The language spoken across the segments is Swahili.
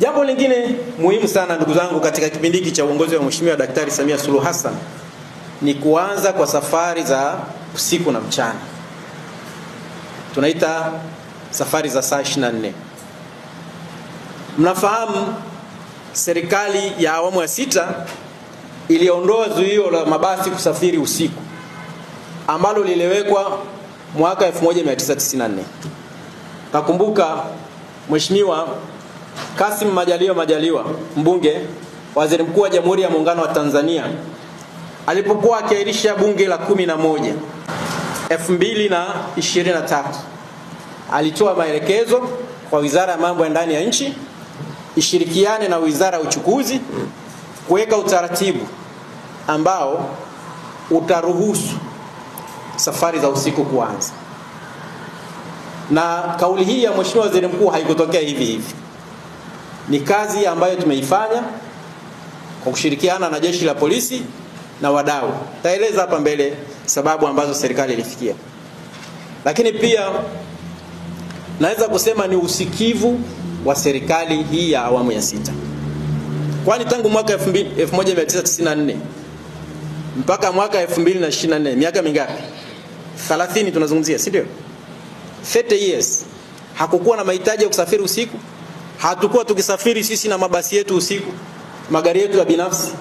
Jambo lingine muhimu sana ndugu zangu, katika kipindi hiki cha uongozi wa Mheshimiwa Daktari Samia Suluhu Hassan ni kuanza kwa safari za usiku na mchana, tunaita safari za saa 24. Mnafahamu serikali ya awamu ya sita iliondoa zuio la mabasi kusafiri usiku ambalo liliwekwa mwaka 1994. Kakumbuka mheshimiwa Kasim Majaliwa Majaliwa, mbunge, waziri mkuu wa Jamhuri ya Muungano wa Tanzania, alipokuwa akiahirisha bunge la kumi na moja 2023 alitoa maelekezo kwa Wizara ya Mambo ya Ndani ya Nchi ishirikiane na Wizara ya Uchukuzi kuweka utaratibu ambao utaruhusu safari za usiku kuanza, na kauli hii ya Mheshimiwa Waziri Mkuu haikutokea hivi hivi. Ni kazi ambayo tumeifanya kwa kushirikiana na jeshi la polisi na wadau. Taeleza hapa mbele sababu ambazo serikali ilifikia, lakini pia naweza kusema ni usikivu wa serikali hii ya awamu ya sita, kwani tangu mwaka 1994 mpaka mwaka 2024 miaka mingapi? 30 tunazungumzia, si ndio? 30 years. Hakukuwa na mahitaji ya kusafiri usiku hatukuwa tukisafiri sisi na mabasi yetu usiku, magari yetu ya binafsi.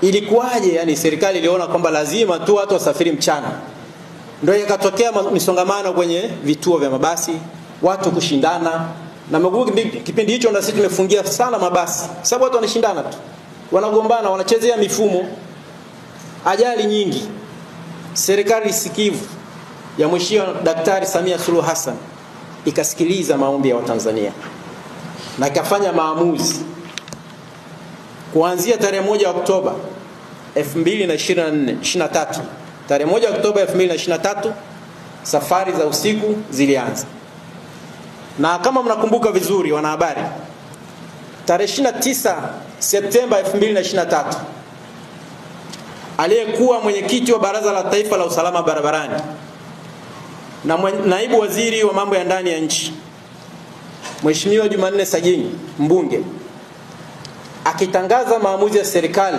Ilikuwaje? Yani serikali iliona kwamba lazima tu watu wasafiri mchana, ndio ikatokea misongamano kwenye vituo vya mabasi, watu kushindana na magumu. Kipindi hicho na sisi tumefungia sana mabasi, sababu watu wanashindana tu, wanagombana, wanachezea mifumo, ajali nyingi. Serikali sikivu ya mheshimiwa Daktari Samia Suluhu Hassan ikasikiliza maombi ya Watanzania na kafanya maamuzi kuanzia tarehe moja Oktoba 2023 tarehe moja Oktoba 2023 safari za usiku zilianza, na kama mnakumbuka vizuri, wanahabari, tarehe 29 Septemba 2023 aliyekuwa mwenyekiti wa Baraza la Taifa la Usalama Barabarani na naibu waziri wa mambo ya ndani ya nchi Mheshimiwa Jumanne Sajini mbunge akitangaza maamuzi ya serikali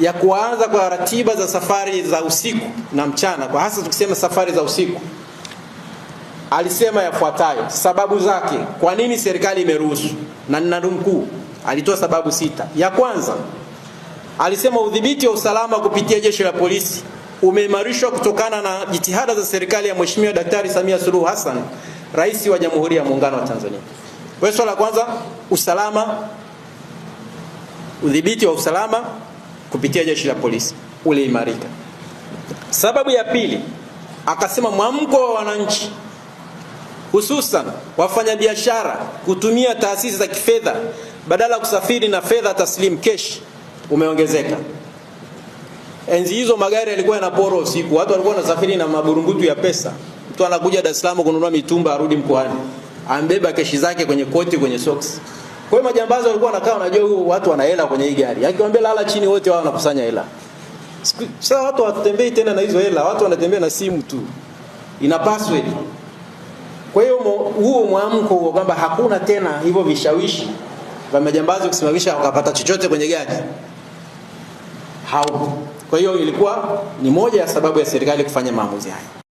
ya kuanza kwa ratiba za safari za usiku na mchana, kwa hasa tukisema safari za usiku, alisema yafuatayo sababu zake kwa nini serikali imeruhusu, na ninanukuu, alitoa sababu sita. Ya kwanza alisema udhibiti wa usalama kupitia jeshi la polisi umeimarishwa kutokana na jitihada za serikali ya Mheshimiwa Daktari Samia Suluhu Hassan Rais wa Jamhuri ya Muungano wa Tanzania. Kwa swala la kwanza, usalama, udhibiti wa usalama kupitia jeshi la polisi uliimarika. Sababu ya pili, akasema mwamko wa wananchi hususan wafanyabiashara kutumia taasisi za kifedha badala ya kusafiri na fedha taslim cash umeongezeka. Enzi hizo magari yalikuwa yanaporo usiku, watu walikuwa wanasafiri na maburungutu ya pesa. Mtu anakuja Dar es Salaam kununua mitumba arudi mkoani. Ambeba keshi zake kwenye koti kwenye socks. Kwa hiyo majambazi walikuwa wanakaa wanajua huyu watu wana hela kwenye hii gari. Akiwaambia lala chini wote wao wanakusanya hela. Sasa watu watembei tena na hizo hela, watu wanatembea na simu tu. Ina password. Kwa hiyo huo mwamko huo kwamba hakuna tena hivyo vishawishi vya majambazi kusimamisha wakapata chochote kwenye gari. Haupo. Kwa hiyo ilikuwa ni moja ya sababu ya serikali kufanya maamuzi haya.